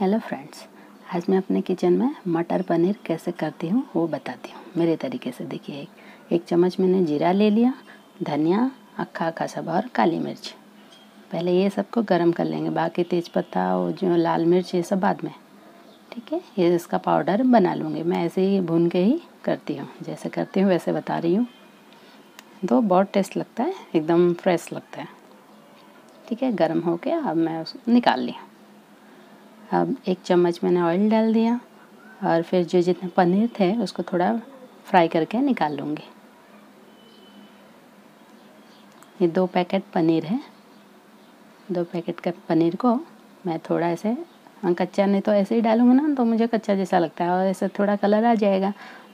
hello friends आज मैं अपने किचन में मटर पनीर कैसे करती हूँ वो बताती हूँ मेरे तरीके से देखिए एक एक चम्मच मैंने जीरा ले लिया धनिया अक्खा खासा और काली मिर्च पहले ये सबको गर्म कर लेंगे बाकी तेज पत्ता और जो लाल मिर्च ये सब बाद में ठीक है ये इसका पाउडर बना लूँगी मैं ऐसे ही भून के ही करती हूँ जैसे करती हूँ वैसे बता रही हूँ तो बहुत टेस्ट लगता है एकदम फ्रेश लगता है ठीक है गर्म हो के अब मैं उसको निकाल लिया अब एक चम्मच मैंने ऑयल डाल दिया और फिर जो जितने पनीर थे उसको थोड़ा फ्राई करके निकाल लूँगी ये दो पैकेट पनीर है दो पैकेट का पनीर को मैं थोड़ा ऐसे हाँ, कच्चा नहीं तो ऐसे ही डालूँगा ना तो मुझे कच्चा जैसा लगता है और ऐसे थोड़ा कलर आ जाएगा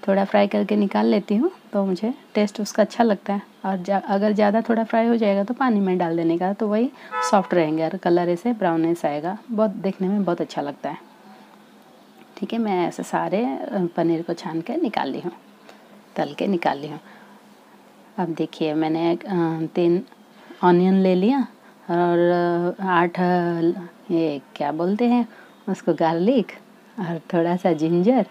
थोड़ा फ्राई करके निकाल लेती हूँ तो मुझे टेस्ट उसका अच्छा लगता है और जा, अगर ज़्यादा थोड़ा फ्राई हो जाएगा तो पानी में डाल देने का तो वही सॉफ्ट रहेंगे और कलर ऐसे ब्राउनेस आएगा बहुत देखने में बहुत अच्छा लगता है ठीक है मैं ऐसे सारे पनीर को छान के निकाल ली हूँ तल के निकाल ली हूँ अब देखिए मैंने तीन ऑनियन ले लिया और आठ ये क्या बोलते हैं उसको गार्लिक और थोड़ा सा जिंजर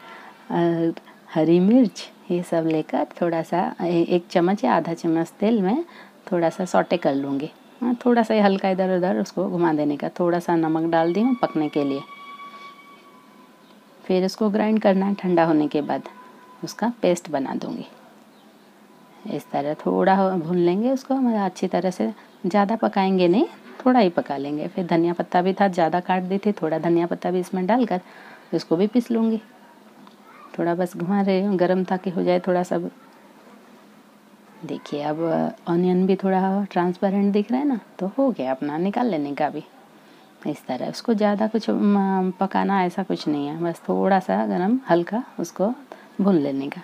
और हरी मिर्च ये सब लेकर थोड़ा सा एक चम्मच या आधा चम्मच तेल में थोड़ा सा सॉटे कर लूँगी हाँ थोड़ा सा हल्का इधर उधर उसको घुमा देने का थोड़ा सा नमक डाल दी हूँ पकने के लिए फिर उसको ग्राइंड करना है ठंडा होने के बाद उसका पेस्ट बना दूँगी इस तरह थोड़ा भून लेंगे उसको अच्छी तरह से ज़्यादा पकाएंगे नहीं थोड़ा ही पका लेंगे फिर धनिया पत्ता भी था ज़्यादा काट दी थी थोड़ा धनिया पत्ता भी इसमें डालकर उसको भी पीस लूँगी थोड़ा बस घुमा रहे हूँ गर्म ताकि हो जाए थोड़ा सा देखिए अब ऑनियन भी थोड़ा ट्रांसपेरेंट दिख रहा है ना तो हो गया अपना निकाल लेने का भी इस तरह उसको ज़्यादा कुछ पकाना ऐसा कुछ नहीं है बस थोड़ा सा गरम हल्का उसको भून लेने का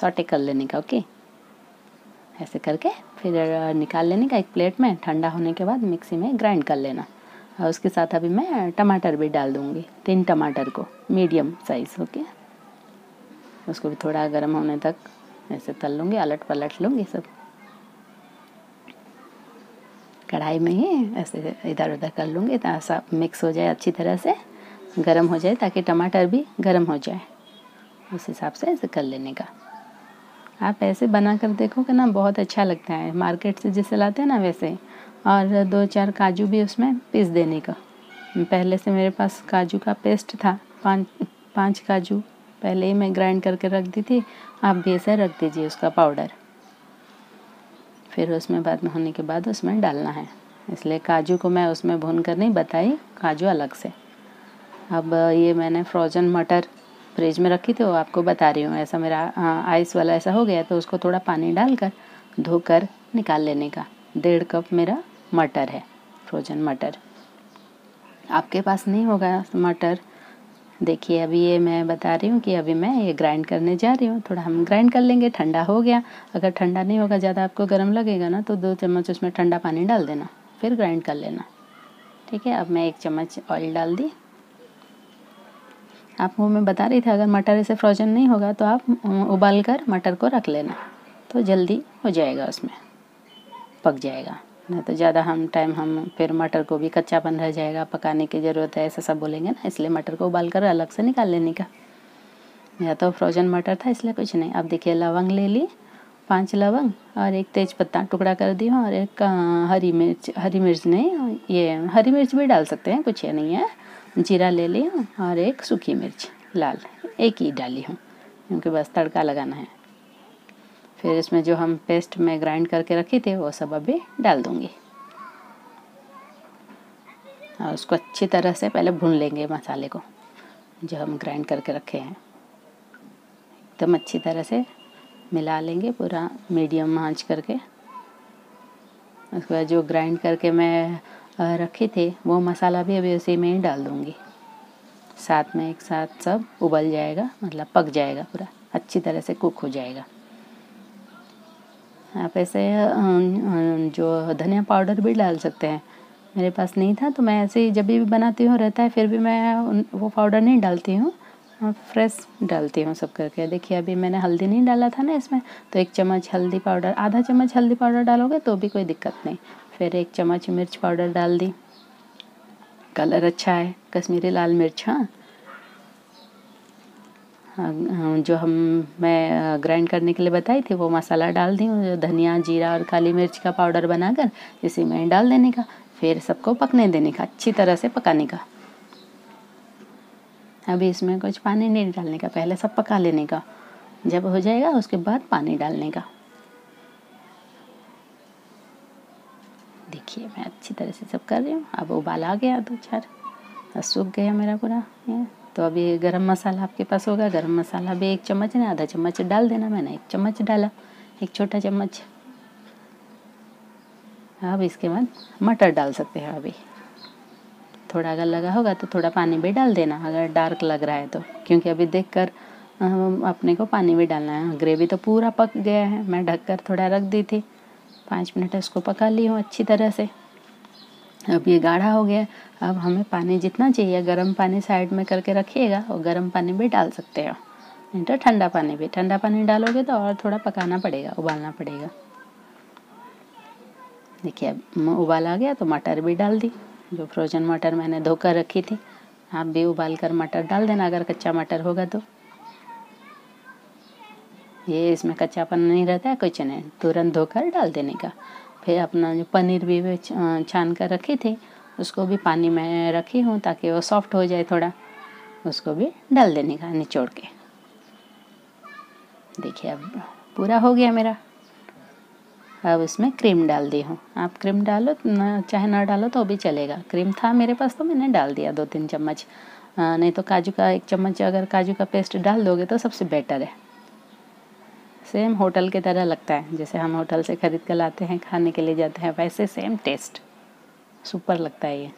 सॉटे कर लेने का ओके ऐसे करके फिर निकाल लेने का एक प्लेट में ठंडा होने के बाद मिक्सी में ग्राइंड कर लेना और उसके साथ अभी मैं टमाटर भी डाल दूँगी तीन टमाटर को मीडियम साइज़ ओके उसको भी थोड़ा गर्म होने तक ऐसे तल लूँगी अलट पलट लूँगी सब कढ़ाई में ही ऐसे इधर उधर कर लूँगी सब मिक्स हो जाए अच्छी तरह से गर्म हो जाए ताकि टमाटर भी गर्म हो जाए उस हिसाब से ऐसे कर लेने का आप ऐसे बना कर देखो कि ना बहुत अच्छा लगता है मार्केट से जैसे लाते हैं ना वैसे और दो चार काजू भी उसमें पीस देने का पहले से मेरे पास काजू का पेस्ट था पाँच पाँच काजू पहले ही मैं ग्राइंड करके रख दी थी आप भी ऐसे रख दीजिए उसका पाउडर फिर उसमें बाद में होने के बाद उसमें डालना है इसलिए काजू को मैं उसमें भून कर नहीं बताई काजू अलग से अब ये मैंने फ्रोजन मटर फ्रिज में रखी थी वो आपको बता रही हूँ ऐसा मेरा आइस वाला ऐसा हो गया तो उसको थोड़ा पानी डालकर धोकर निकाल लेने का डेढ़ कप मेरा मटर है फ्रोजन मटर आपके पास नहीं होगा मटर देखिए अभी ये मैं बता रही हूँ कि अभी मैं ये ग्राइंड करने जा रही हूँ थोड़ा हम ग्राइंड कर लेंगे ठंडा हो गया अगर ठंडा नहीं होगा ज़्यादा आपको गर्म लगेगा ना तो दो चम्मच उसमें ठंडा पानी डाल देना फिर ग्राइंड कर लेना ठीक है अब मैं एक चम्मच ऑयल डाल दी आपको मैं बता रही थी अगर मटर ऐसे फ्रोजन नहीं होगा तो आप उबाल कर मटर को रख लेना तो जल्दी हो जाएगा उसमें पक जाएगा ना तो ज़्यादा हम टाइम हम फिर मटर को भी कच्चा बन रह जाएगा पकाने की ज़रूरत है ऐसा सब बोलेंगे ना इसलिए मटर को उबाल कर अलग से निकाल लेने का या तो फ्रोजन मटर था इसलिए कुछ नहीं अब देखिए लवंग ले ली पांच लवंग और एक तेज पत्ता टुकड़ा कर दिया और एक हरी मिर्च हरी मिर्च नहीं ये हरी मिर्च भी डाल सकते हैं कुछ ये नहीं है जीरा ले लिया और एक सूखी मिर्च लाल एक ही डाली हूँ क्योंकि बस तड़का लगाना है फिर इसमें जो हम पेस्ट में ग्राइंड करके रखे थे वो सब अभी डाल दूँगी और उसको अच्छी तरह से पहले भून लेंगे मसाले को जो हम ग्राइंड करके रखे हैं एकदम अच्छी तरह से मिला लेंगे पूरा मीडियम आँच करके उसके बाद जो ग्राइंड करके मैं रखे थे वो मसाला भी अभी उसी में ही डाल दूँगी साथ में एक साथ सब उबल जाएगा मतलब पक जाएगा पूरा अच्छी तरह से कुक हो जाएगा आप ऐसे जो धनिया पाउडर भी डाल सकते हैं मेरे पास नहीं था तो मैं ऐसे ही जब भी बनाती हूँ रहता है फिर भी मैं वो पाउडर नहीं डालती हूँ हाँ, फ्रेश डालती हूँ सब करके देखिए अभी मैंने हल्दी नहीं डाला था ना इसमें तो एक चम्मच हल्दी पाउडर आधा चम्मच हल्दी पाउडर डालोगे तो भी कोई दिक्कत नहीं फिर एक चम्मच मिर्च पाउडर डाल दी कलर अच्छा है कश्मीरी लाल मिर्च हाँ हाँ, हाँ, जो हम मैं ग्राइंड हाँ, करने के लिए बताई थी वो मसाला डाल दी धनिया जीरा और काली मिर्च का पाउडर बनाकर इसी में डाल देने का फिर सबको पकने देने का अच्छी तरह से पकाने का अभी इसमें कुछ पानी नहीं डालने का पहले सब पका लेने का जब हो जाएगा उसके बाद पानी डालने का देखिए मैं अच्छी तरह से सब कर रही हूँ अब उबाल आ गया दो चार सूख गया मेरा पूरा तो अभी गरम मसाला आपके पास होगा गरम मसाला भी एक चम्मच ना आधा चम्मच डाल देना मैंने एक चम्मच डाला एक छोटा चम्मच अब इसके बाद मटर डाल सकते हैं अभी थोड़ा अगर लगा होगा तो थोड़ा पानी भी डाल देना अगर डार्क लग रहा है तो क्योंकि अभी देख कर अपने को पानी भी डालना है ग्रेवी तो पूरा पक गया है मैं ढककर थोड़ा रख दी थी पाँच मिनट इसको पका ली हूँ अच्छी तरह से अब ये गाढ़ा हो गया अब हमें पानी जितना चाहिए गर्म पानी साइड में करके रखिएगा और गर्म पानी भी डाल सकते हो नहीं तो ठंडा पानी भी ठंडा पानी डालोगे तो और थोड़ा पकाना पड़ेगा उबालना पड़ेगा देखिए अब उबाल आ गया तो मटर भी डाल दी जो फ्रोजन मटर मैंने धोकर रखी थी आप भी उबाल कर मटर डाल देना अगर कच्चा मटर होगा तो ये इसमें कच्चापन नहीं रहता है कुछ नहीं तुरंत धोकर डाल देने का फिर अपना जो पनीर भी छान कर रखी थी उसको भी पानी में रखी हूँ ताकि वो सॉफ्ट हो जाए थोड़ा उसको भी डाल देने का निचोड़ के देखिए अब पूरा हो गया मेरा अब इसमें क्रीम डाल दी हूँ आप क्रीम डालो ना चाहे ना डालो तो भी चलेगा क्रीम था मेरे पास तो मैंने डाल दिया दो तीन चम्मच नहीं तो काजू का एक चम्मच अगर काजू का पेस्ट डाल दोगे तो सबसे बेटर है सेम होटल के तरह लगता है जैसे हम होटल से ख़रीद कर लाते हैं खाने के लिए जाते हैं वैसे सेम टेस्ट सुपर लगता है ये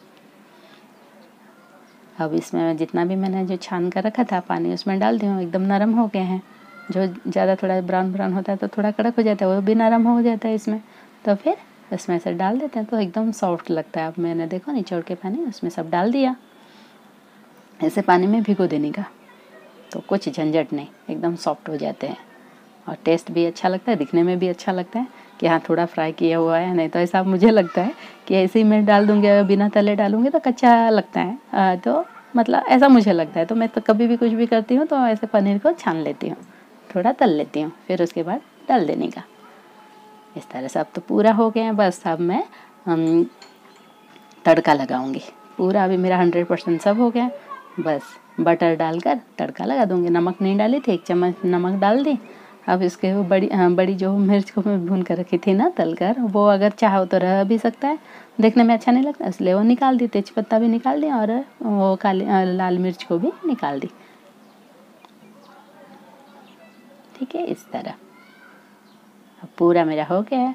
अब इसमें जितना भी मैंने जो छान कर रखा था पानी उसमें डाल दी हूँ एकदम नरम हो गए हैं जो ज़्यादा थोड़ा ब्राउन ब्राउन होता है तो थोड़ा कड़क हो जाता है वो भी नरम हो जाता है इसमें तो फिर उसमें से डाल देते हैं तो एकदम सॉफ्ट लगता है अब मैंने देखो निचोड़ के पानी उसमें सब डाल दिया ऐसे पानी में भिगो देने का तो कुछ झंझट नहीं एकदम सॉफ्ट हो जाते हैं और टेस्ट भी अच्छा लगता है दिखने में भी अच्छा लगता है कि हाँ थोड़ा फ्राई किया हुआ है नहीं तो ऐसा मुझे लगता है कि ऐसे ही मैं डाल दूँगी बिना तले डालूँगी तो कच्चा लगता है तो मतलब ऐसा मुझे लगता है तो मैं तो कभी भी कुछ भी करती हूँ तो ऐसे पनीर को छान लेती हूँ थोड़ा तल लेती हूँ फिर उसके बाद डाल देने का इस तरह से अब तो पूरा हो गया है बस अब मैं तड़का लगाऊँगी पूरा अभी मेरा हंड्रेड परसेंट सब हो गया बस बटर डालकर तड़का लगा दूँगी नमक नहीं डाली थी एक चम्मच नमक डाल दी अब इसके वो बड़ी हाँ बड़ी जो मिर्च को मैं भून कर रखी थी ना तल कर वो अगर चाहो तो रह भी सकता है देखने में अच्छा नहीं लगता इसलिए वो निकाल दी तेज पत्ता भी निकाल दी और वो काली लाल मिर्च को भी निकाल दी ठीक है इस तरह अब पूरा मेरा हो गया है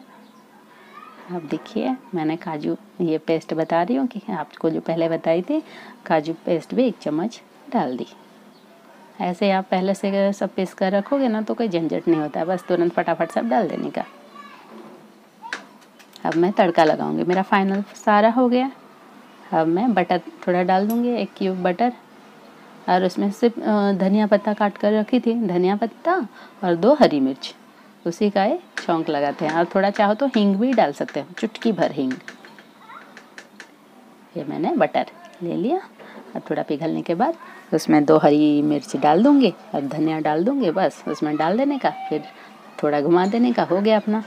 अब देखिए मैंने काजू ये पेस्ट बता रही हूँ कि आपको जो पहले बताई थी काजू पेस्ट भी एक चम्मच डाल दी ऐसे आप पहले से सब पीस कर रखोगे ना तो कोई झंझट नहीं होता बस तुरंत फटाफट सब डाल देने का अब मैं तड़का लगाऊंगी मेरा फाइनल सारा हो गया अब मैं बटर थोड़ा डाल दूंगी एक क्यूब बटर और उसमें सिर्फ धनिया पत्ता काट कर रखी थी धनिया पत्ता और दो हरी मिर्च उसी का ये छोंक लगाते हैं और थोड़ा चाहो तो हींग भी डाल सकते हो चुटकी भर हींग ये मैंने बटर ले लिया और थोड़ा पिघलने के बाद उसमें दो हरी मिर्च डाल दूँगी और धनिया डाल दूँगी बस उसमें डाल देने का फिर थोड़ा घुमा देने का हो गया अपना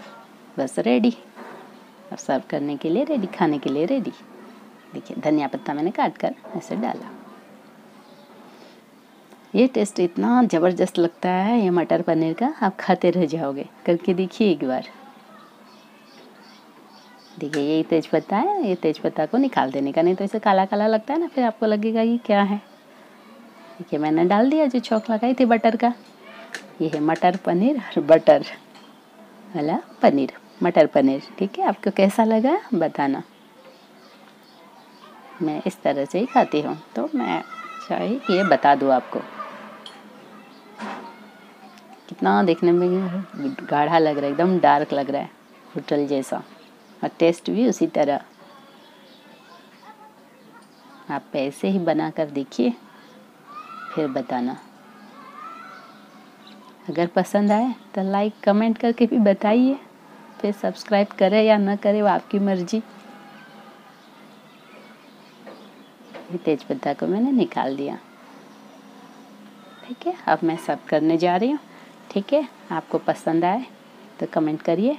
बस रेडी अब सर्व करने के लिए रेडी खाने के लिए रेडी देखिए धनिया पत्ता मैंने काट कर ऐसे डाला ये टेस्ट इतना ज़बरदस्त लगता है ये मटर पनीर का आप खाते रह जाओगे करके देखिए एक बार देखिए तेज तेज़पत्ता है ये तेज़पत्ता को निकाल देने का नहीं तो इसे काला काला लगता है ना फिर आपको लगेगा ये क्या है देखिए मैंने डाल दिया जो चौक लगाई थी बटर का ये है मटर पनीर और बटर वाला पनीर मटर पनीर ठीक है आपको कैसा लगा बताना मैं इस तरह से ही खाती हूँ तो मैं चाहे ये बता दूँ आपको कितना देखने में गाढ़ा लग रहा है एकदम डार्क लग रहा है होटल जैसा और टेस्ट भी उसी तरह आप ऐसे ही बना कर देखिए फिर बताना अगर पसंद आए तो लाइक कमेंट करके भी बताइए फिर सब्सक्राइब करें या ना करें वो आपकी मर्जी तेज तेज़पत्ता को मैंने निकाल दिया ठीक है अब मैं सब करने जा रही हूँ ठीक है आपको पसंद आए तो कमेंट करिए